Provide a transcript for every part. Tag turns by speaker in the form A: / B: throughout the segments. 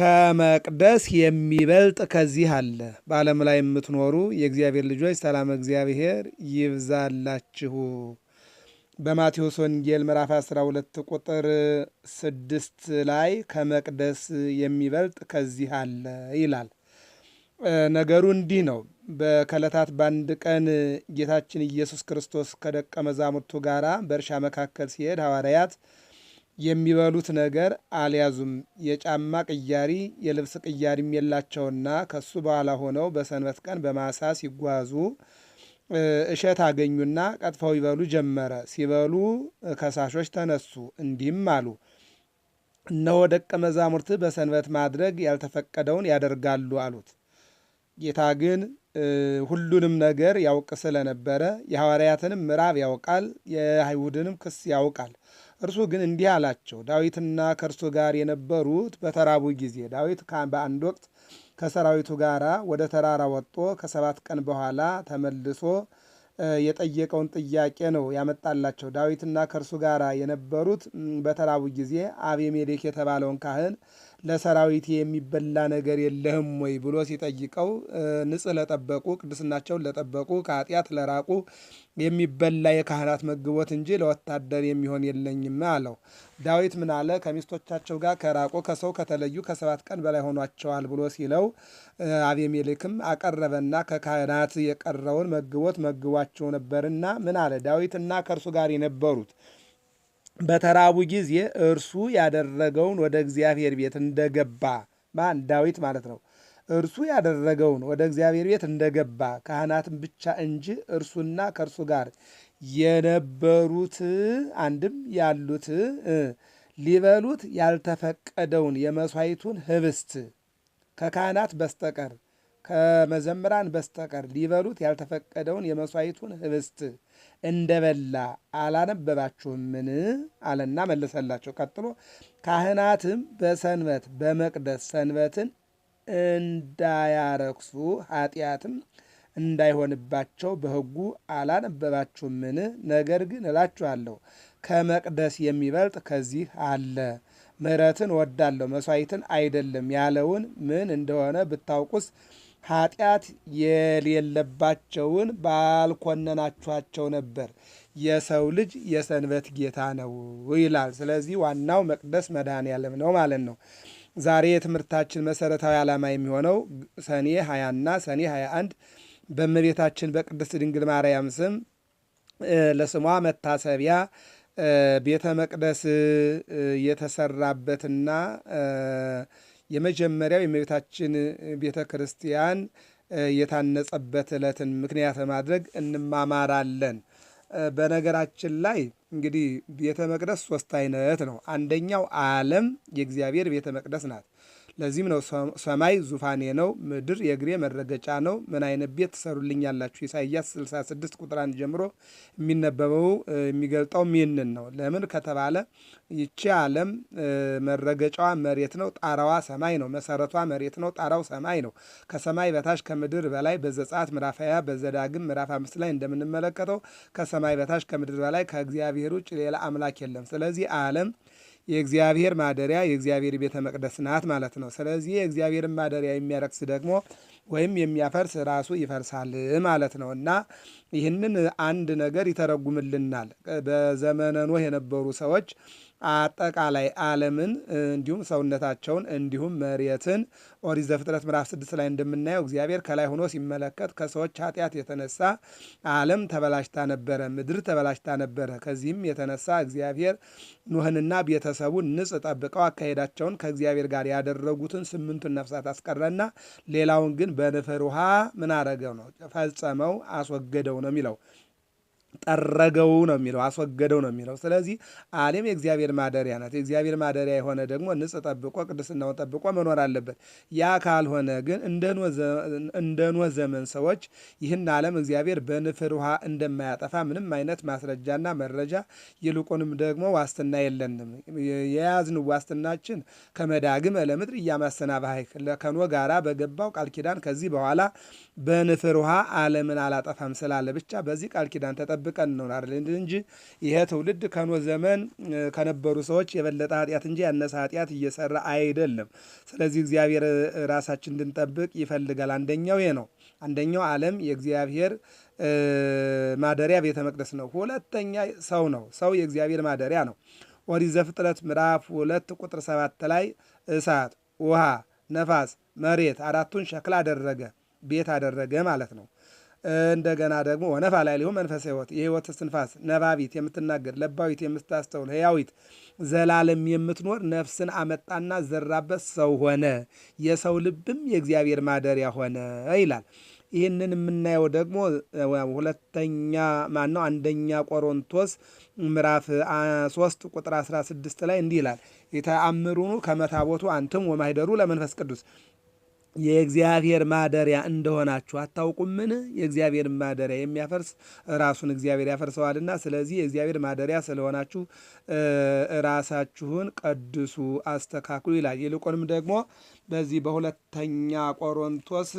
A: ከመቅደስ የሚበልጥ ከዚህ አለ። በዓለም ላይ የምትኖሩ የእግዚአብሔር ልጆች ሰላም እግዚአብሔር ይብዛላችሁ። በማቴዎስ ወንጌል ምዕራፍ 12 ቁጥር 6 ላይ ከመቅደስ የሚበልጥ ከዚህ አለ ይላል። ነገሩ እንዲህ ነው። በከለታት በአንድ ቀን ጌታችን ኢየሱስ ክርስቶስ ከደቀ መዛሙርቱ ጋር በእርሻ መካከል ሲሄድ ሐዋርያት የሚበሉት ነገር አልያዙም። የጫማ ቅያሪ የልብስ ቅያሪም የላቸውና ከሱ በኋላ ሆነው በሰንበት ቀን በማሳ ሲጓዙ እሸት አገኙና ቀጥፈው ይበሉ ጀመረ። ሲበሉ ከሳሾች ተነሱ፣ እንዲህም አሉ። እነሆ ደቀ መዛሙርት በሰንበት ማድረግ ያልተፈቀደውን ያደርጋሉ አሉት። ጌታ ግን ሁሉንም ነገር ያውቅ ስለነበረ የሐዋርያትንም ምዕራብ ያውቃል፣ የአይሁድንም ክስ ያውቃል እርሱ ግን እንዲህ አላቸው፣ ዳዊትና ከእርሱ ጋር የነበሩት በተራቡ ጊዜ ዳዊት በአንድ ወቅት ከሰራዊቱ ጋር ወደ ተራራ ወጥቶ ከሰባት ቀን በኋላ ተመልሶ የጠየቀውን ጥያቄ ነው ያመጣላቸው። ዳዊትና ከእርሱ ጋር የነበሩት በተራቡ ጊዜ አቤሜሌክ የተባለውን ካህን ለሰራዊት የሚበላ ነገር የለህም ወይ ብሎ ሲጠይቀው ንጽህ ለጠበቁ ቅድስናቸውን ለጠበቁ ከኃጢአት ለራቁ የሚበላ የካህናት መግቦት እንጂ ለወታደር የሚሆን የለኝም አለው። ዳዊት ምን አለ? ከሚስቶቻቸው ጋር ከራቁ ከሰው ከተለዩ ከሰባት ቀን በላይ ሆኗቸዋል ብሎ ሲለው አቤሜሌክም አቀረበና ከካህናት የቀረውን መግቦት መግቧቸው ነበርና ምን አለ? ዳዊትና ከእርሱ ጋር የነበሩት በተራቡ ጊዜ እርሱ ያደረገውን ወደ እግዚአብሔር ቤት እንደገባ ማን ዳዊት ማለት ነው። እርሱ ያደረገውን ወደ እግዚአብሔር ቤት እንደገባ ካህናትን ብቻ እንጂ እርሱና ከእርሱ ጋር የነበሩት አንድም ያሉት ሊበሉት ያልተፈቀደውን የመሥዋዕቱን ህብስት ከካህናት በስተቀር ከመዘምራን በስተቀር ሊበሉት ያልተፈቀደውን የመሥዋዕቱን ህብስት እንደበላ አላነበባችሁምን? አለና መለሰላቸው። ቀጥሎ ካህናትም በሰንበት በመቅደስ ሰንበትን እንዳያረክሱ ኃጢአትም እንዳይሆንባቸው በሕጉ አላነበባችሁምን? ነገር ግን እላችኋለሁ ከመቅደስ የሚበልጥ ከዚህ አለ። ምሕረትን ወዳለሁ መሥዋዕትን አይደለም ያለውን ምን እንደሆነ ብታውቁስ ኃጢአት የሌለባቸውን ባልኮነናችኋቸው ነበር፣ የሰው ልጅ የሰንበት ጌታ ነው ይላል። ስለዚህ ዋናው መቅደስ መድኃኔዓለም ነው ማለት ነው። ዛሬ የትምህርታችን መሰረታዊ ዓላማ የሚሆነው ሰኔ 20ና ሰኔ 21 በእመቤታችን በቅድስት ድንግል ማርያም ስም ለስሟ መታሰቢያ ቤተ መቅደስ የተሰራበትና የመጀመሪያው የእመቤታችን ቤተ ክርስቲያን የታነጸበት ዕለትን ምክንያት በማድረግ እንማማራለን። በነገራችን ላይ እንግዲህ ቤተ መቅደስ ሶስት አይነት ነው። አንደኛው ዓለም የእግዚአብሔር ቤተ መቅደስ ናት። ለዚህም ነው ሰማይ ዙፋኔ ነው፣ ምድር የእግሬ መረገጫ ነው፣ ምን አይነት ቤት ትሰሩልኛላችሁ? ኢሳይያስ 66 ቁጥር 1 ጀምሮ የሚነበበው የሚገልጠው ሚንን ነው። ለምን ከተባለ ይቺ ዓለም መረገጫዋ መሬት ነው፣ ጣራዋ ሰማይ ነው፣ መሰረቷ መሬት ነው፣ ጣራው ሰማይ ነው። ከሰማይ በታች ከምድር በላይ በዘጸአት ምዕራፍ 20 በዘዳግም ምዕራፍ 5 ላይ እንደምንመለከተው ከሰማይ በታች ከምድር በላይ ከእግዚአብሔር ውጭ ሌላ አምላክ የለም። ስለዚህ ዓለም የእግዚአብሔር ማደሪያ የእግዚአብሔር ቤተ መቅደስ ናት ማለት ነው። ስለዚህ የእግዚአብሔርን ማደሪያ የሚያረክስ ደግሞ ወይም የሚያፈርስ ራሱ ይፈርሳል ማለት ነው እና ይህንን አንድ ነገር ይተረጉምልናል። በዘመነ ኖህ የነበሩ ሰዎች አጠቃላይ ዓለምን እንዲሁም ሰውነታቸውን እንዲሁም መሬትን ኦሪት ዘፍጥረት ምዕራፍ ስድስት ላይ እንደምናየው እግዚአብሔር ከላይ ሆኖ ሲመለከት ከሰዎች ኃጢአት የተነሳ ዓለም ተበላሽታ ነበረ፣ ምድር ተበላሽታ ነበረ። ከዚህም የተነሳ እግዚአብሔር ኖህንና ቤተሰቡን ንጽ ጠብቀው አካሄዳቸውን ከእግዚአብሔር ጋር ያደረጉትን ስምንቱን ነፍሳት አስቀረና ሌላውን ግን በንፍር ውሃ ምን አረገው ነው ፈጸመው፣ አስወገደው ነው የሚለው ጠረገው ነው የሚለው አስወገደው ነው የሚለው። ስለዚህ ዓለም የእግዚአብሔር ማደሪያ ናት። የእግዚአብሔር ማደሪያ የሆነ ደግሞ ንጽህ ጠብቆ ቅድስናውን ጠብቆ መኖር አለበት። ያ ካልሆነ ግን እንደ ኖህ ዘመን ሰዎች ይህን ዓለም እግዚአብሔር በንፍር ውሃ እንደማያጠፋ ምንም አይነት ማስረጃና መረጃ ይልቁንም ደግሞ ዋስትና የለንም። የያዝን ዋስትናችን ከመዳግም ለምድር እያማሰና እያማሰናባህ ከኖ ጋራ በገባው ቃል ኪዳን ከዚህ በኋላ በንፍር ውሃ ዓለምን አላጠፋም ስላለ ብቻ በዚህ ቃል ኪዳን ተጠ ጠብቀን ነው አይደል እንጂ ይሄ ትውልድ ከኖ ዘመን ከነበሩ ሰዎች የበለጠ ኃጢአት እንጂ ያነሰ ኃጢአት እየሰራ አይደለም። ስለዚህ እግዚአብሔር ራሳችን እንድንጠብቅ ይፈልጋል። አንደኛው ይሄ ነው። አንደኛው ዓለም የእግዚአብሔር ማደሪያ ቤተ መቅደስ ነው። ሁለተኛ ሰው ነው። ሰው የእግዚአብሔር ማደሪያ ነው። ኦሪት ዘፍጥረት ምዕራፍ ሁለት ቁጥር ሰባት ላይ እሳት፣ ውሃ፣ ነፋስ፣ መሬት አራቱን ሸክላ አደረገ ቤት አደረገ ማለት ነው። እንደገና ደግሞ ወነፋ ላይ ሊሆን መንፈሰ ህይወት የህይወት እስትንፋስ ነባቢት የምትናገር ለባዊት የምታስተውል ህያዊት ዘላለም የምትኖር ነፍስን አመጣና ዘራበት ሰው ሆነ፣ የሰው ልብም የእግዚአብሔር ማደሪያ ሆነ ይላል። ይህንን የምናየው ደግሞ ሁለተኛ ማነው አንደኛ ቆሮንቶስ ምዕራፍ 3 ቁጥር 16 ላይ እንዲህ ይላል፣ የተአምሩኑ ከመታቦቱ አንትም ወማይደሩ ለመንፈስ ቅዱስ የእግዚአብሔር ማደሪያ እንደሆናችሁ አታውቁምን? የእግዚአብሔር ማደሪያ የሚያፈርስ ራሱን እግዚአብሔር ያፈርሰዋልና፣ ስለዚህ የእግዚአብሔር ማደሪያ ስለሆናችሁ ራሳችሁን ቀድሱ፣ አስተካክሉ ይላል። ይልቁንም ደግሞ በዚህ በሁለተኛ ቆሮንቶስ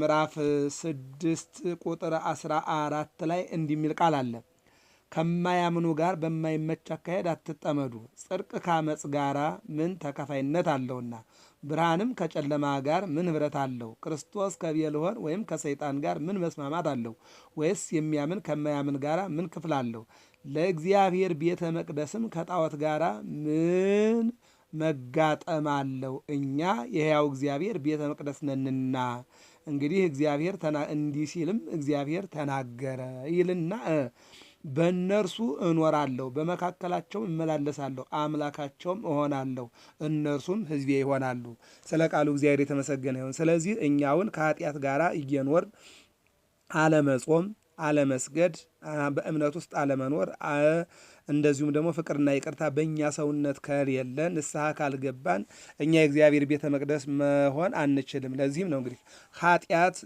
A: ምዕራፍ ስድስት ቁጥር አስራ አራት ላይ እንዲህ የሚል ቃል አለ ከማያምኑ ጋር በማይመች አካሄድ አትጠመዱ። ጽድቅ ከአመፅ ጋር ምን ተካፋይነት አለውና፣ ብርሃንም ከጨለማ ጋር ምን ኅብረት አለው? ክርስቶስ ከቤልሆን ወይም ከሰይጣን ጋር ምን መስማማት አለው? ወይስ የሚያምን ከማያምን ጋር ምን ክፍል አለው? ለእግዚአብሔር ቤተ መቅደስም ከጣዖት ጋር ምን መጋጠም አለው? እኛ የሕያው እግዚአብሔር ቤተ መቅደስ ነንና። እንግዲህ እግዚአብሔር እንዲህ ሲልም እግዚአብሔር ተናገረ ይልና በእነርሱ እኖራለሁ፣ በመካከላቸውም እመላለሳለሁ፣ አምላካቸውም እሆናለሁ፣ እነርሱም ሕዝቤ ይሆናሉ። ስለ ቃሉ እግዚአብሔር የተመሰገነ ይሁን። ስለዚህ እኛውን ከኃጢአት ጋር እየኖር አለመጾም፣ አለመስገድ፣ በእምነት ውስጥ አለመኖር እንደዚሁም ደግሞ ፍቅርና ይቅርታ በእኛ ሰውነት ከሌለን ንስሐ ካልገባን እኛ የእግዚአብሔር ቤተ መቅደስ መሆን አንችልም። ለዚህም ነው እንግዲህ ኃጢአት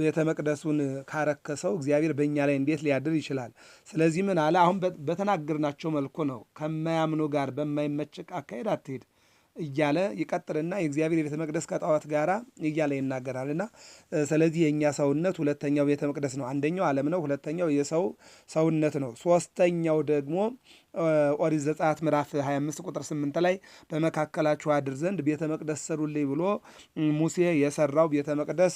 A: ቤተ መቅደሱን ካረከሰው እግዚአብሔር በእኛ ላይ እንዴት ሊያድር ይችላል? ስለዚህ ምን አለ? አሁን በተናገርናቸው መልኩ ነው። ከማያምኑ ጋር በማይመችቅ አካሄድ አትሄድ እያለ ይቀጥልና የእግዚአብሔር የቤተ መቅደስ ከጣዖት ጋር እያለ ይናገራልና፣ ስለዚህ የእኛ ሰውነት ሁለተኛው ቤተ መቅደስ ነው። አንደኛው ዓለም ነው። ሁለተኛው የሰው ሰውነት ነው። ሶስተኛው ደግሞ ኦሪት ዘጸአት ምዕራፍ 25 ቁጥር 8 ላይ በመካከላችሁ አድር ዘንድ ቤተ መቅደስ ሰሩልኝ ብሎ ሙሴ የሰራው ቤተ መቅደስ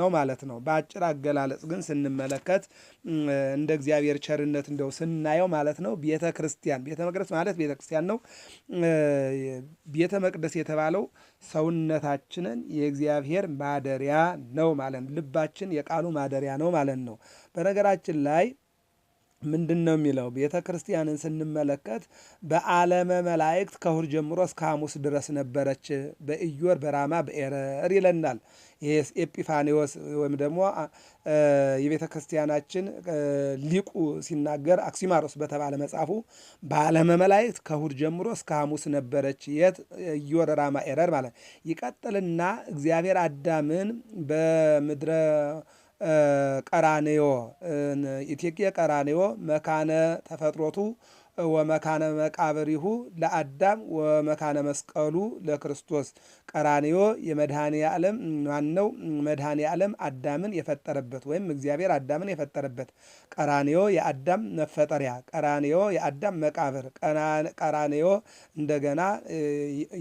A: ነው ማለት ነው። በአጭር አገላለጽ ግን ስንመለከት እንደ እግዚአብሔር ቸርነት እንደው ስናየው ማለት ነው ቤተ ክርስቲያን ቤተ መቅደስ ማለት ቤተ ክርስቲያን ነው። ቤተ መቅደስ የተባለው ሰውነታችንን የእግዚአብሔር ማደሪያ ነው ማለት ልባችን የቃሉ ማደሪያ ነው ማለት ነው። በነገራችን ላይ ምንድን ነው የሚለው? ቤተ ክርስቲያንን ስንመለከት በዓለመ መላእክት ከእሁድ ጀምሮ እስከ ሐሙስ ድረስ ነበረች በእዮር በራማ በኤረር ይለናል። ኤጲፋኔዎስ ወይም ደግሞ የቤተ ክርስቲያናችን ሊቁ ሲናገር አክሲማሮስ በተባለ መጽሐፉ በዓለመ መላእክት ከእሁድ ጀምሮ እስከ ሐሙስ ነበረች። የት እዮር ራማ ኤረር ማለት ይቀጥልና እግዚአብሔር አዳምን በምድረ ቀራንዮ ኢቴጌ ቀራንዮ መካነ ተፈጥሮቱ ወመካነ መቃብሪሁ ለአዳም ወመካነ መስቀሉ ለክርስቶስ ቀራንዮ የመድኃኔ ዓለም ዋናው መድኃኔ ዓለም አዳምን የፈጠረበት ወይም እግዚአብሔር አዳምን የፈጠረበት ቀራንዮ የአዳም መፈጠሪያ ቀራንዮ የአዳም መቃብር ቀራንዮ እንደገና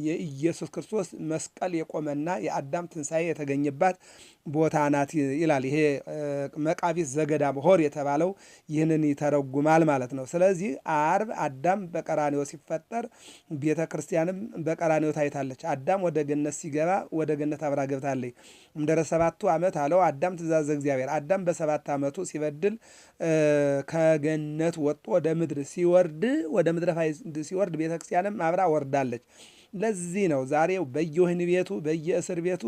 A: የኢየሱስ ክርስቶስ መስቀል የቆመና የአዳም ትንሣኤ የተገኘባት ቦታ ናት ይላል። ይሄ መቃቢስ ዘገዳም ሆር የተባለው ይህንን ይተረጉማል ማለት ነው። ስለዚህ አርብ አዳም በቀራንዮ ሲፈጠር ቤተ ክርስቲያንም በቀራንዮ ታይታለች። አዳም ወደ ገነት ሲገባ ወደ ገነት አብራ ገብታለች። እምድኅረ ሰባቱ ዓመት አለው አዳም ትእዛዘ እግዚአብሔር። አዳም በሰባት ዓመቱ ሲበድል ከገነት ወጥቶ ወደ ምድር ሲወርድ ወደ ምድረ ሲወርድ ክርስቲያንም አብራ ወርዳለች። ለዚህ ነው ዛሬው በየወህኒ ቤቱ በየእስር ቤቱ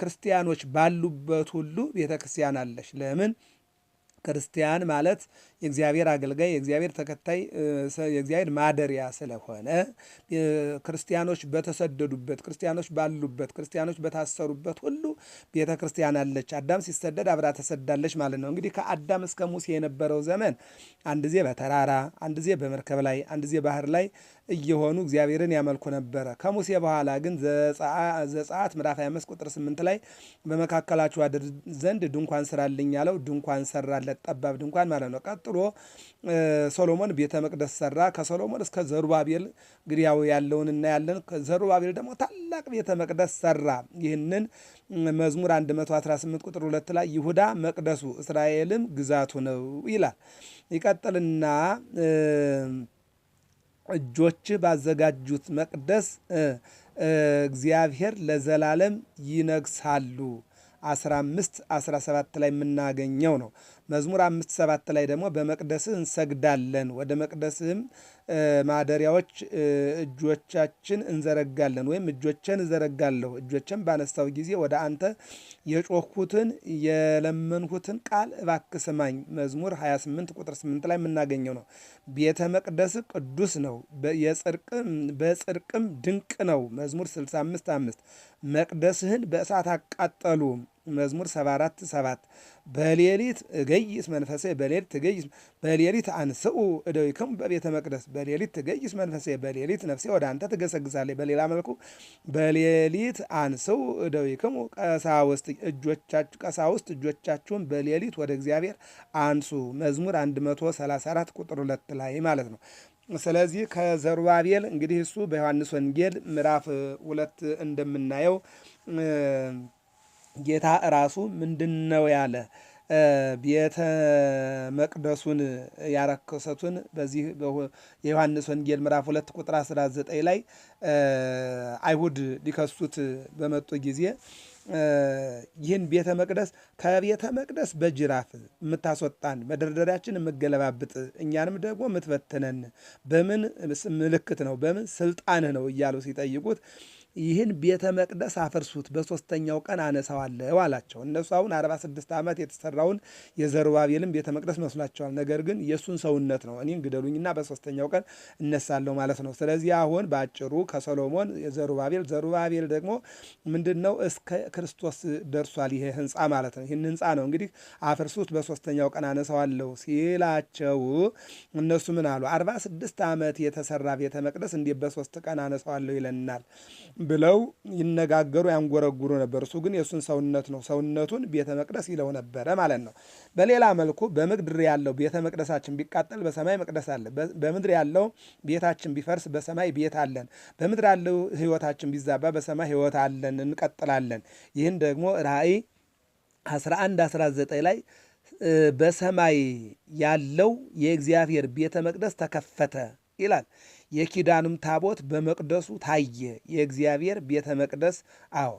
A: ክርስቲያኖች ባሉበት ሁሉ ቤተ ክርስቲያን አለች። ለምን? ክርስቲያን ማለት የእግዚአብሔር አገልጋይ፣ የእግዚአብሔር ተከታይ፣ የእግዚአብሔር ማደሪያ ስለሆነ ክርስቲያኖች በተሰደዱበት፣ ክርስቲያኖች ባሉበት፣ ክርስቲያኖች በታሰሩበት ሁሉ ቤተ ክርስቲያን አለች። አዳም ሲሰደድ አብራ ተሰዳለች ማለት ነው። እንግዲህ ከአዳም እስከ ሙሴ የነበረው ዘመን አንድ ጊዜ በተራራ አንድ ጊዜ በመርከብ ላይ አንድ ጊዜ ባህር ላይ እየሆኑ እግዚአብሔርን ያመልኩ ነበረ። ከሙሴ በኋላ ግን ዘጸአት ምዕራፍ 25 ቁጥር 8 ላይ በመካከላችሁ አድር ዘንድ ድንኳን ስራልኝ ያለው ድንኳን ሰራለት፣ ጠባብ ድንኳን ማለት ነው። ቀጥሎ ቀጥሎ ሶሎሞን ቤተ መቅደስ ሰራ። ከሶሎሞን እስከ ዘሩባቤል እንግዲህ ያው ያለውን እናያለን። ዘሩባቤል ደግሞ ታላቅ ቤተ መቅደስ ሰራ። ይህንን መዝሙር 118 ቁጥር 2 ላይ ይሁዳ መቅደሱ እስራኤልም ግዛቱ ነው ይላል። ይቀጥልና እጆች ባዘጋጁት መቅደስ እግዚአብሔር ለዘላለም ይነግሳሉ። 15 17 ላይ የምናገኘው ነው። መዝሙር አምስት ሰባት ላይ ደግሞ በመቅደስህ እንሰግዳለን፣ ወደ መቅደስህም ማደሪያዎች እጆቻችን እንዘረጋለን ወይም እጆቼን እዘረጋለሁ። እጆቼን ባነሳው ጊዜ ወደ አንተ የጮኩትን የለመንሁትን ቃል እባክ ስማኝ። መዝሙር 28 ቁጥር 8 ላይ የምናገኘው ነው። ቤተ መቅደስ ቅዱስ ነው፣ በጽድቅም ድንቅ ነው። መዝሙር 65 5 መቅደስህን በእሳት አቃጠሉ። መዝሙር 74 7 በሌሊት እገይስ መንፈሴ በሌሊት ትገይስ በሌሊት አንስኡ እደዊክሙ በቤተ መቅደስ በሌሊት ትገይስ መንፈሴ በሌሊት ነፍሴ ወደ አንተ ትገሰግሳለች። በሌላ መልኩ በሌሊት አንስኡ እደዊክሙ ቀሳውስት እጆቻችሁ ቀሳውስት እጆቻችሁን በሌሊት ወደ እግዚአብሔር አንሱ። መዝሙር 134 ቁጥር 2 ላይ ማለት ነው። ስለዚህ ከዘሩባቤል እንግዲህ እሱ በዮሐንስ ወንጌል ምዕራፍ ሁለት እንደምናየው ጌታ ራሱ ምንድን ነው ያለ ቤተ መቅደሱን ያረከሰቱን በዚህ የዮሐንስ ወንጌል ምዕራፍ ሁለት ቁጥር 19 ላይ አይሁድ ሊከሱት በመጡ ጊዜ ይህን ቤተ መቅደስ ከቤተ መቅደስ በጅራፍ የምታስወጣን መደርደሪያችን የምገለባብጥ እኛንም ደግሞ የምትበትነን በምን ምልክት ነው? በምን ስልጣንህ ነው? እያሉ ሲጠይቁት ይህን ቤተ መቅደስ አፍርሱት፣ በሶስተኛው ቀን አነሳዋለሁ አላቸው። እነሱ አሁን 46 ዓመት የተሰራውን የዘሩባቤልን ቤተ መቅደስ መስሏቸዋል። ነገር ግን የእሱን ሰውነት ነው እኔን ግደሉኝና በሶስተኛው ቀን እነሳለሁ ማለት ነው። ስለዚህ አሁን በአጭሩ ከሰሎሞን ዘሩባቤል ዘሩባቤል ደግሞ ምንድን ነው እስከ ክርስቶስ ደርሷል ይሄ ህንፃ ማለት ነው። ይህን ህንፃ ነው እንግዲህ አፍርሱት፣ በሶስተኛው ቀን አነሳዋለሁ ሲላቸው እነሱ ምን አሉ? 46 ዓመት የተሰራ ቤተ መቅደስ እንዲህ በሶስት ቀን አነሳዋለሁ ይለናል ብለው ይነጋገሩ ያንጎረጉሩ ነበር። እሱ ግን የእሱን ሰውነት ነው ሰውነቱን ቤተ መቅደስ ይለው ነበረ ማለት ነው። በሌላ መልኩ በምድር ያለው ቤተ መቅደሳችን ቢቃጠል በሰማይ መቅደስ አለ። በምድር ያለው ቤታችን ቢፈርስ በሰማይ ቤት አለን። በምድር ያለው ሕይወታችን ቢዛባ በሰማይ ሕይወት አለን፣ እንቀጥላለን። ይህን ደግሞ ራእይ 11 19 ላይ በሰማይ ያለው የእግዚአብሔር ቤተ መቅደስ ተከፈተ ይላል። የኪዳኑም ታቦት በመቅደሱ ታየ። የእግዚአብሔር ቤተ መቅደስ አዎ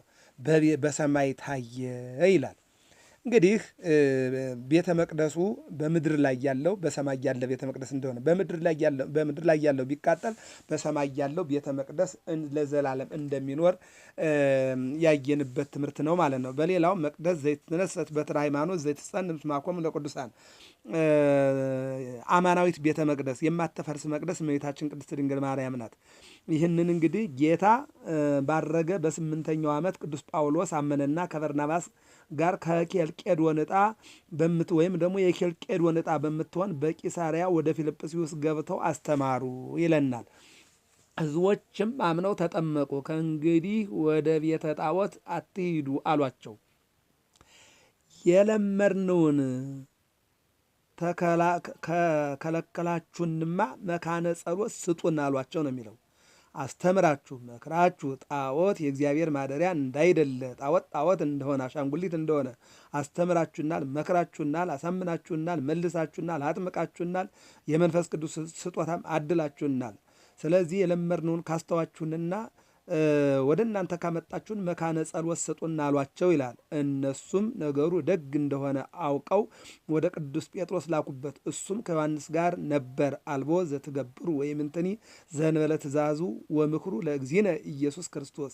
A: በሰማይ ታየ ይላል። እንግዲህ ቤተ መቅደሱ በምድር ላይ ያለው በሰማይ ያለ ቤተ መቅደስ እንደሆነ በምድር ላይ ያለው ቢቃጠል በሰማይ ያለው ቤተ መቅደስ ለዘላለም እንደሚኖር ያየንበት ትምህርት ነው ማለት ነው። በሌላው መቅደስ ዘይትነሰት በትረ ሃይማኖት ዘይትጸንም ስማኮሙ ለቅዱሳን አማናዊት ቤተ መቅደስ የማትፈርስ መቅደስ እመቤታችን ቅድስት ድንግል ማርያም ናት። ይህንን እንግዲህ ጌታ ባረገ በስምንተኛው ዓመት ቅዱስ ጳውሎስ አመነና ከበርናባስ ጋር ከኬልቄዶን ዕጣ በምት ወይም ደግሞ የኬልቄዶን ዕጣ በምትሆን በቂሳሪያ ወደ ፊልጵስዩስ ገብተው አስተማሩ ይለናል። ህዝቦችም አምነው ተጠመቁ። ከእንግዲህ ወደ ቤተ ጣዖት አትሂዱ አሏቸው። የለመድነውን ከከለከላችሁንማ መካነ ጸሎት ስጡን አሏቸው ነው የሚለው። አስተምራችሁ መክራችሁ ጣዖት የእግዚአብሔር ማደሪያ እንዳይደለ ጣዖት ጣዖት እንደሆነ አሻንጉሊት እንደሆነ አስተምራችሁናል፣ መክራችሁናል፣ አሳምናችሁናል፣ መልሳችሁናል፣ አጥምቃችሁናል፣ የመንፈስ ቅዱስ ስጦታም አድላችሁናል። ስለዚህ የለመድነውን ካስተዋችሁንና ወደ እናንተ ካመጣችሁን መካነ ጸሎት ስጡና አሏቸው ይላል። እነሱም ነገሩ ደግ እንደሆነ አውቀው ወደ ቅዱስ ጴጥሮስ ላኩበት። እሱም ከዮሐንስ ጋር ነበር። አልቦ ዘትገብሩ ወይም እንትኒ ዘንበለ ትእዛዙ ወምክሩ ለእግዚእነ ኢየሱስ ክርስቶስ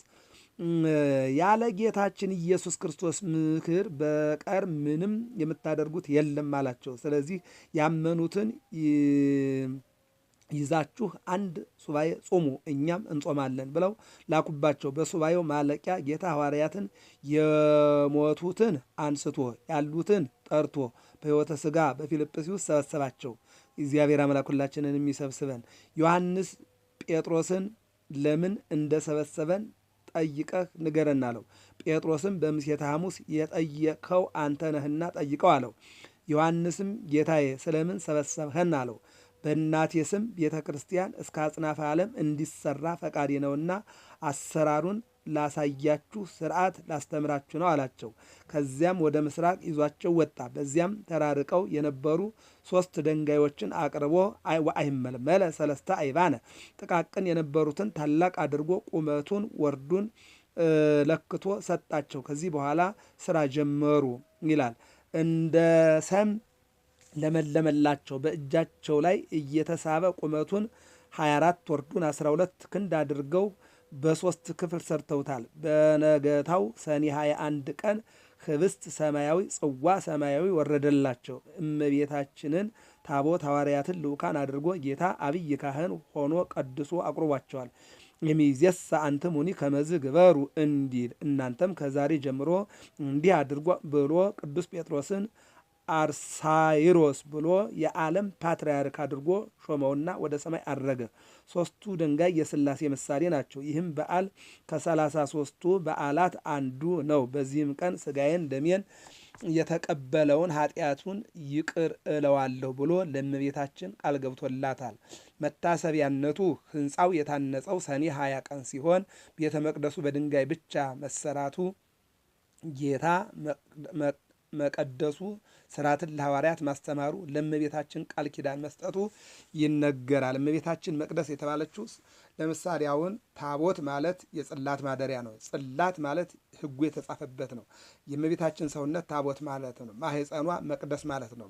A: ያለ ጌታችን ኢየሱስ ክርስቶስ ምክር በቀር ምንም የምታደርጉት የለም አላቸው። ስለዚህ ያመኑትን ይዛችሁ አንድ ሱባኤ ጾሙ እኛም እንጾማለን ብለው ላኩባቸው። በሱባኤው ማለቂያ ጌታ ሐዋርያትን የሞቱትን አንስቶ ያሉትን ጠርቶ በሕይወተ ሥጋ በፊልጵስዩስ ሰበሰባቸው። እግዚአብሔር አምላክ ሁላችንን የሚሰብስበን። ዮሐንስ ጴጥሮስን ለምን እንደሰበሰበን ጠይቀህ ንገረን አለው። ጴጥሮስም በምሴተ ሐሙስ የጠየቅኸው አንተ ነህና ጠይቀው አለው። ዮሐንስም ጌታዬ ስለምን ሰበሰብኸን አለው። በእናቴ ስም ቤተ ክርስቲያን እስከ አጽናፈ ዓለም እንዲሰራ ፈቃዴ ነውና አሰራሩን ላሳያችሁ ስርዓት ላስተምራችሁ ነው አላቸው። ከዚያም ወደ ምስራቅ ይዟቸው ወጣ። በዚያም ተራርቀው የነበሩ ሶስት ድንጋዮችን አቅርቦ አይመልመለ ሰለስተ አይባነ ጥቃቅን የነበሩትን ታላቅ አድርጎ ቁመቱን ወርዱን ለክቶ ሰጣቸው። ከዚህ በኋላ ስራ ጀመሩ ይላል እንደ ሰም ለመለመላቸው በእጃቸው ላይ እየተሳበ ቁመቱን 24 ወርዱን 12 ክንድ አድርገው በሶስት ክፍል ሰርተውታል። በነገታው ሰኔ 21 ቀን ህብስት ሰማያዊ፣ ጽዋ ሰማያዊ ወረደላቸው። እመቤታችንን ታቦት ሐዋርያትን ልዑካን አድርጎ ጌታ አብይ ካህን ሆኖ ቀድሶ አቁርቧቸዋል። የሚዜስ አንተ ሙኒ ከመዝ ግበሩ እንዲል እናንተም ከዛሬ ጀምሮ እንዲህ አድርጎ ብሎ ቅዱስ ጴጥሮስን አርሳይሮስ ብሎ የዓለም ፓትርያርክ አድርጎ ሾመውና ወደ ሰማይ አረገ። ሶስቱ ድንጋይ የስላሴ ምሳሌ ናቸው። ይህም በዓል ከሰላሳ ሶስቱ በዓላት አንዱ ነው። በዚህም ቀን ስጋዬን ደሜን የተቀበለውን ኃጢአቱን ይቅር እለዋለሁ ብሎ ለእመቤታችን ቃል ገብቶላታል። መታሰቢያነቱ ህንፃው የታነጸው ሰኔ ሀያ ቀን ሲሆን ቤተ መቅደሱ በድንጋይ ብቻ መሰራቱ ጌታ መቀደሱ ስርዓትን ለሐዋርያት ማስተማሩ ለእመቤታችን ቃል ኪዳን መስጠቱ ይነገራል። እመቤታችን መቅደስ የተባለችው ለምሳሌ አሁን ታቦት ማለት የጽላት ማደሪያ ነው። ጽላት ማለት ሕጉ የተጻፈበት ነው። የእመቤታችን ሰውነት ታቦት ማለት ነው። ማህፀኗ መቅደስ ማለት ነው።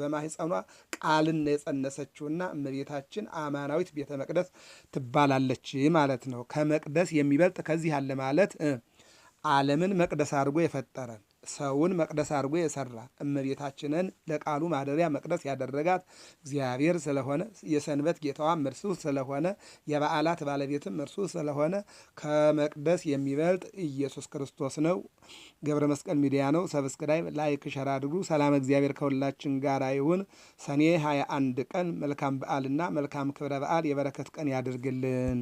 A: በማህፀኗ ቃልን የጸነሰችውና እመቤታችን አማናዊት ቤተ መቅደስ ትባላለች ማለት ነው። ከመቅደስ የሚበልጥ ከዚህ አለ ማለት ዓለምን መቅደስ አድርጎ የፈጠረን ሰውን መቅደስ አድርጎ የሰራ እመቤታችንን ለቃሉ ማደሪያ መቅደስ ያደረጋት እግዚአብሔር ስለሆነ የሰንበት ጌታዋም እርሱ ስለሆነ የበዓላት ባለቤትም እርሱ ስለሆነ ከመቅደስ የሚበልጥ ኢየሱስ ክርስቶስ ነው። ገብረ መስቀል ሚዲያ ነው። ሰብስክራይ ላይክ፣ ሸር አድርጉ። ሰላም እግዚአብሔር ከሁላችን ጋር ይሁን። ሰኔ 21 ቀን መልካም በዓልና መልካም ክብረ በዓል የበረከት ቀን ያድርግልን።